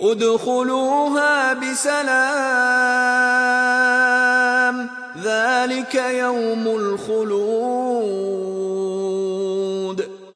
ادخلوها بسلام ذلك يوم الخلود